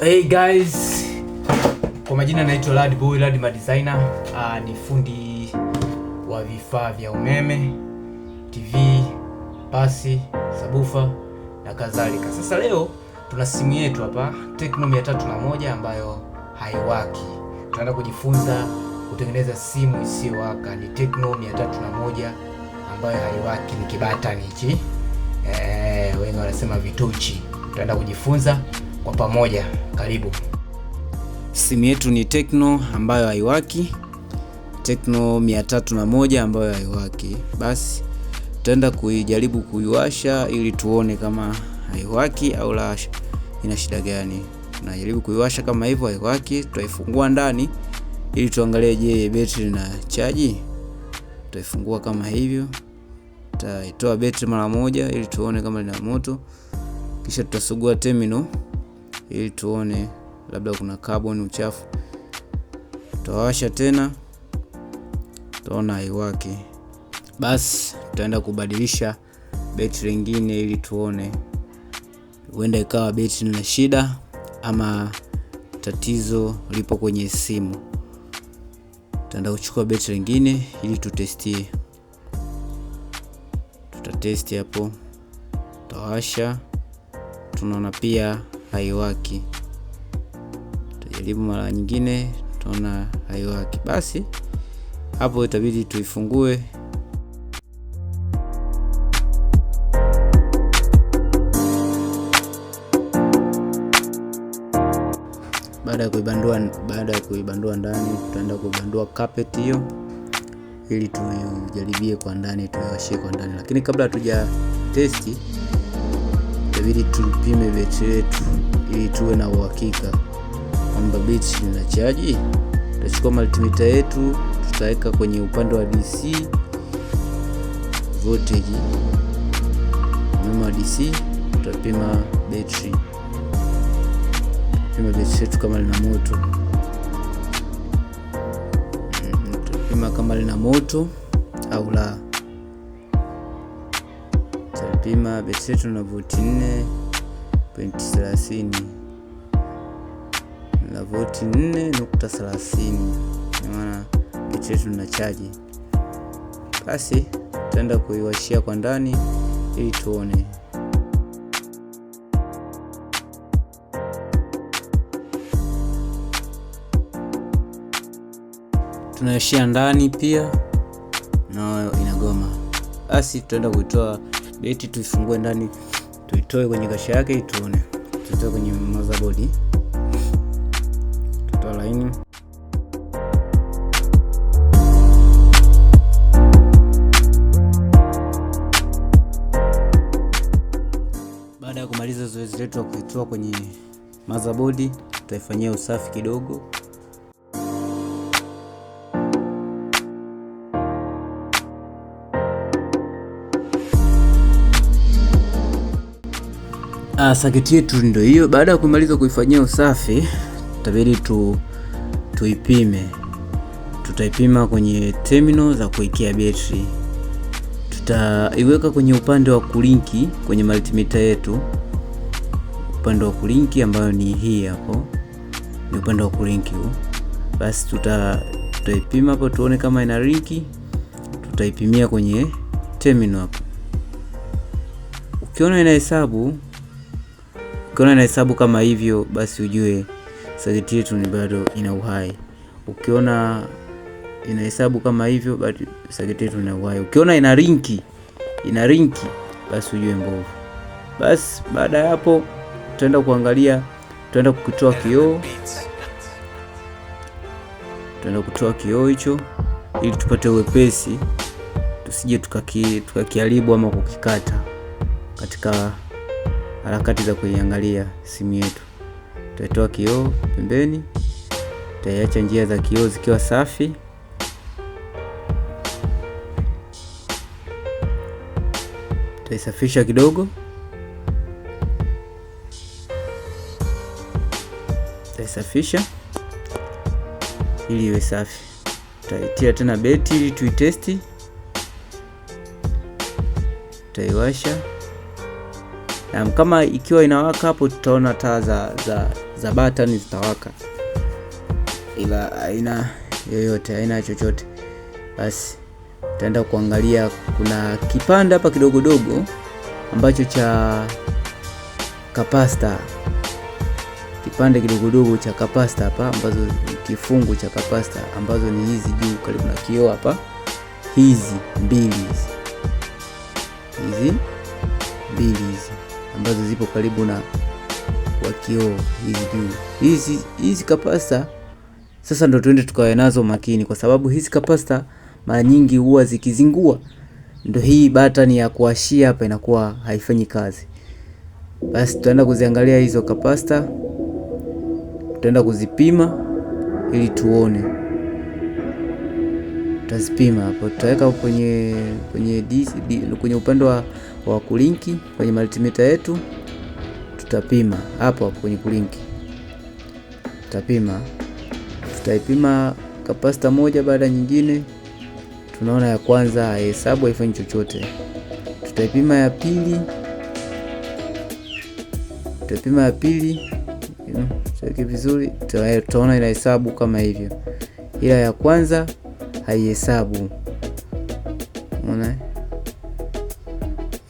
Hey guys, kwa majina naitwa Lad Ma Designer. Uh, ni fundi wa vifaa vya umeme, TV, pasi, sabufa na kadhalika. Sasa leo tuna simu yetu hapa Tecno 301 ambayo haiwaki. Tunaenda kujifunza kutengeneza simu isiyowaka. Ni Tecno 301 ambayo haiwaki, ni kibatani hichi, eh, wengi wanasema vitochi. Tutaenda kujifunza kwa pamoja. Karibu. Simu yetu ni Tecno ambayo haiwaki, Tecno 301 ambayo haiwaki. Basi tutaenda kuijaribu kuiwasha ili tuone kama haiwaki au la, ina shida gani. Tunajaribu kuiwasha, kama hivyo haiwaki, tutaifungua ndani ili tuangalie, je, betri na chaji. Tutaifungua kama hivyo, tutaitoa betri mara moja ili tuone kama lina moto, kisha tutasugua terminal ili tuone labda kuna carbon uchafu. Tutawasha tena, tutaona haiwaki. Basi tutaenda kubadilisha betri lingine ili tuone, huenda ikawa betri na shida ama tatizo lipo kwenye simu. Tutaenda kuchukua betri lingine ili tutestie. Tutatesti hapo, tutawasha, tunaona pia haiwaki. tujaribu mara nyingine, tutaona haiwaki. Basi hapo itabidi tuifungue baada ya kuibandua, baada ya kuibandua ndani, tutaenda kuibandua carpet hiyo ili tujaribie kwa ndani, tuwashie kwa ndani, lakini kabla hatuja testi itabidi tupime betri yetu ili tuwe na uhakika kwamba betri linachaji. Tutachukua multimeter yetu tutaweka kwenye upande wa DC voltage, umeme wa DC, tutapima betri, tutapima betri yetu kama lina moto mm, tutapima kama lina moto au la. Tutapima betri yetu na volti nne pointi 30 na voti 4.30, maana geti yetu na chaji. Basi tutaenda kuiwashia kwa ndani ili tuone. Tunaishia ndani pia na inagoma. Basi tutaenda kuitoa beti tuifungue ndani tuitoe kwenye kasha yake, ituone, tuitoe kwenye motherboard, tutoa laini Baada ya kumaliza zoezi letu la kuitoa kwenye motherboard, tutaifanyia usafi kidogo. Uh, ah, saketi yetu ndio hiyo. Baada ya kumaliza kuifanyia usafi, tutabidi tu tuipime. Tutaipima kwenye terminal za kuwekea betri, tutaiweka kwenye upande wa kulinki kwenye multimeter yetu. Upande wa kulinki ambayo ni hii hapo, ni upande wa kulinki huu. Basi tuta tutaipima hapo, tuone kama ina linki. Tutaipimia kwenye terminal hapo, ukiona ina hesabu Ukiona hesabu kama hivyo, basi ujue sageti yetu ni bado ina uhai. Ukiona ina hesabu kama hivyo, basi sageti yetu ina uhai. Ukiona ina rinki ina rinki, basi ujue mbovu. Basi baada ya hapo, tutaenda kuangalia, tutaenda kukitoa kioo, tutaenda kutoa kioo hicho ili tupate uwepesi, tusije tukakiharibu ama kukikata katika harakati za kuiangalia simu yetu. Tutatoa kioo pembeni, tutaiacha njia za kioo zikiwa safi. Tutaisafisha kidogo, tutaisafisha ili iwe safi. Tutaitia tena beti ili tuitesti, tutaiwasha na kama ikiwa inawaka hapo tutaona taa za, za, za batani zitawaka, ila aina yoyote, aina chochote. Basi utaenda kuangalia, kuna kipande hapa kidogodogo ambacho cha kapasta, kipande kidogodogo cha kapasta hapa, ambazo kifungu cha kapasta ambazo ni hizi juu karibu na kio hapa, hizi mbili hizi mbili hizi ambazo zipo karibu na kwa kioo hizi juu. Hizi hizi kapasta sasa ndo tuende tukawe nazo makini, kwa sababu hizi kapasta mara nyingi huwa zikizingua, ndo hii batani ya kuashia hapa inakuwa haifanyi kazi. Basi tutaenda kuziangalia hizo kapasta, tutaenda kuzipima ili tuone, tutazipima hapo, tutaweka kwenye kwenye kwenye upande wa kwa kulinki kwenye multimeter yetu, tutapima hapo kwenye kulinki, tutapima tutaipima kapasita moja baada ya nyingine. Tunaona ya kwanza haihesabu haifanyi chochote, tutaipima ya pili, tutaipima ya pili tutaweke vizuri, tutaona ina hesabu kama hivyo, ila ya kwanza haihesabu. Unaona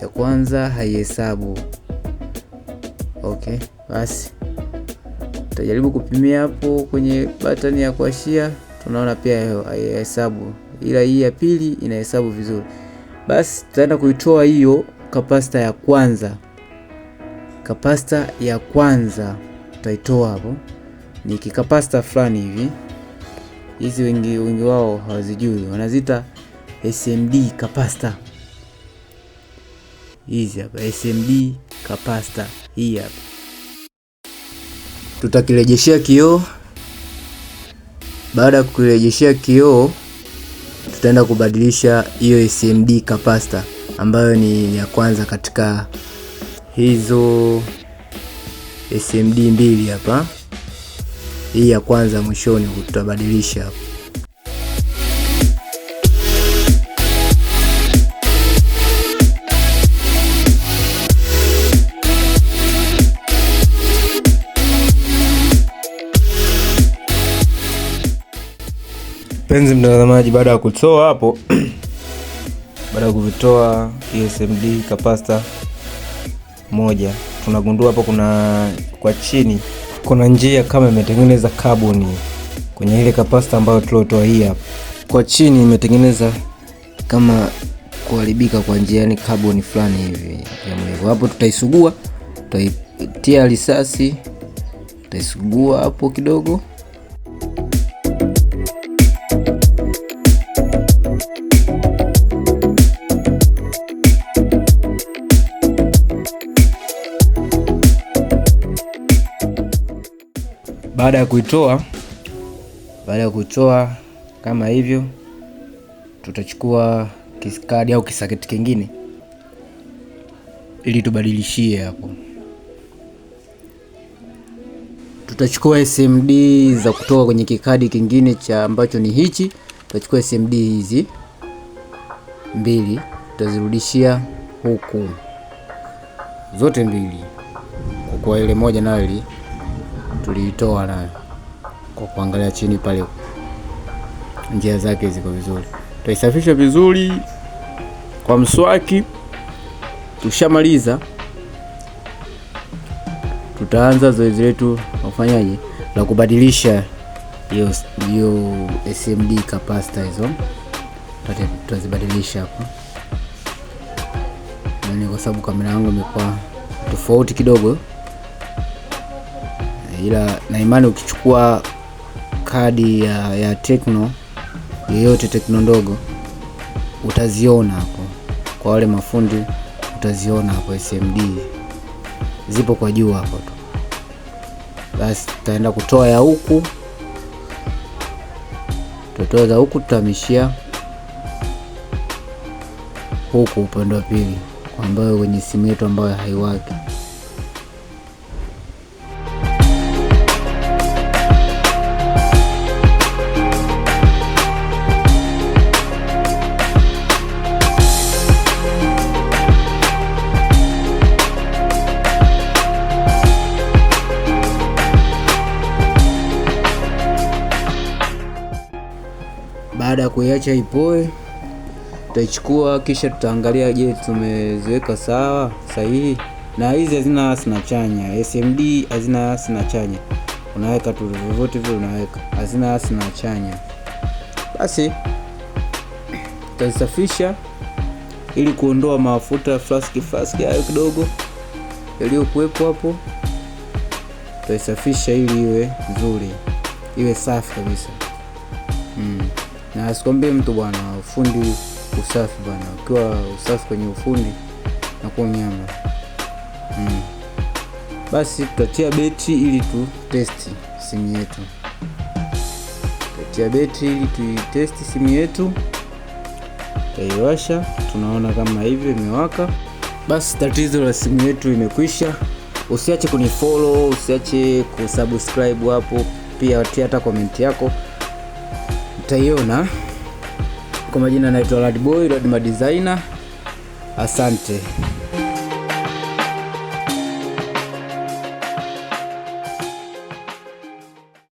ya kwanza haihesabu. Okay, basi tutajaribu kupimia hapo kwenye batani ya kuashia, tunaona pia haihesabu, ila hii ya pili inahesabu vizuri. Basi tutaenda kuitoa hiyo kapasta ya kwanza, kapasta ya kwanza tutaitoa hapo, ni kikapasta fulani hivi hizi wengi wengi wao hawazijui, wanazita SMD kapasta hizi hapa SMD capacitor hii hapa. Tutakirejeshea kioo. Baada ya kukirejeshea kioo, tutaenda kubadilisha hiyo SMD capacitor ambayo ni ya kwanza katika hizo SMD mbili hapa. Hii ya kwanza mwishoni tutabadilisha hapa. Mpenzi mtazamaji, baada ya kutoa hapo baada ya kuvitoa ESMD kapasta moja, tunagundua hapo kuna kwa chini kuna njia kama imetengeneza kaboni kwenye ile kapasta ambayo tulotoa. hii hapa, kwa chini imetengeneza kama kuharibika kwa njia, yani kaboni fulani hivi ya yaani mwevu. hapo. Tutaisugua, tutaitia risasi, tutaisugua hapo kidogo Baada ya kuitoa, baada ya kuitoa kama hivyo, tutachukua kisikadi au kisaketi kingine ili tubadilishie hapo. Tutachukua SMD za kutoka kwenye kikadi kingine cha ambacho ni hichi. Tutachukua SMD hizi mbili, tutazirudishia huku zote mbili, kwa ile moja nayo tuliitoa nayo kwa kuangalia chini pale, njia zake ziko vizuri, tutaisafisha vizuri kwa mswaki. Tukishamaliza tutaanza zoezi letu la la kubadilisha hiyo SMD kapasita, hizo tutazibadilisha hapo yaani kwa sababu kamera yangu imekuwa tofauti kidogo. Eh, ila na imani ukichukua kadi ya, ya Tekno yeyote Tekno ndogo utaziona hapo, kwa wale mafundi utaziona hapo. SMD zipo kwa juu hapo tu basi. Tutaenda kutoa ya huku, tutatoa za huku, tutahamishia huku upande wa pili, ambayo kwenye simu yetu ambayo haiwaki Baada ya kuiacha ipoe, tutachukua kisha tutaangalia, je, tumeziweka sawa sahihi. Na hizi hazina sina chanya, SMD hazina sina chanya, unaweka tu vyovyote vile, unaweka hazina sina chanya. Basi tutasafisha ili kuondoa mafuta flaski flaski hayo kidogo yaliyokuwepo hapo, tutaisafisha ili iwe nzuri, iwe safi kabisa mm na asikwambie mtu bwana, ufundi usafi bwana, ukiwa usafi kwenye ufundi na kwa nyama mm. Basi tutatia beti ili tu testi simu yetu, tutatia beti ili tuitesti simu yetu. Tutaiwasha, tunaona kama hivyo imewaka. Basi tatizo la simu yetu imekwisha. Usiache kunifollow, usiache kusubscribe hapo, pia tia hata komenti yako mtaiona. Kwa majina naitwa ladboy Ladma Designer. Asante.